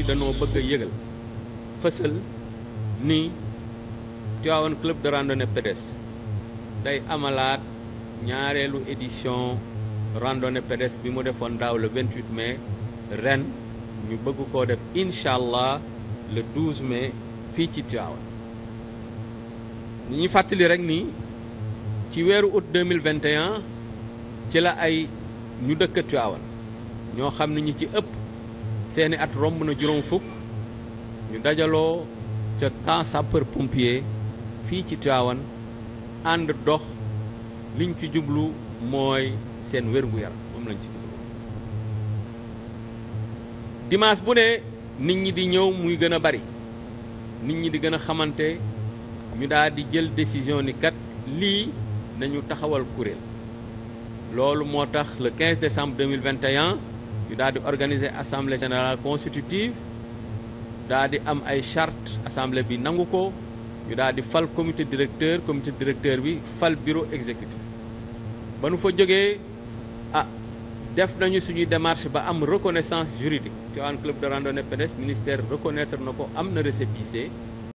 bi danoo bëgg a yëgal fësal ni Tivaouane club de randonnée pédestre day amalaat ñaareelu édition randonnée pédestre bi mu defoon daaw le 28 mai ren ñu bëgg koo def incha allah le 12 mai fii ci Tivaouane ñi ñu fàttali rek ni ci weeru août 2021 ci la ay ñu dëkk Tivaouane ñoo xam ne ñi ci ëpp seeni at romb na juróom fukk ñu dajaloo ca camp sapeur pompier fii ci Tiwaawan ànd dox liñ ci jublu mooy seen wér-gu-yaram moom lañ ci jublu dimanche bu ne nit ñi di ñëw muy gën a bari nit ñi di gën a xamante ñu daal di jël décision ni lii nañu taxawal kuréel loolu moo tax le 15 décembre 2021 ñu daal di organiser assemblée générale constitutive daal di am ay charte assemblée bi nangu ko ñu daal di fal comité directeur comité directeur bi fal bureau exécutif ba nu fa jógee ah def nañu suñuy démarche ba am reconnaissance juridique Tivaouane club de randonnée pédestre ministère reconnaître na ko am na récépissé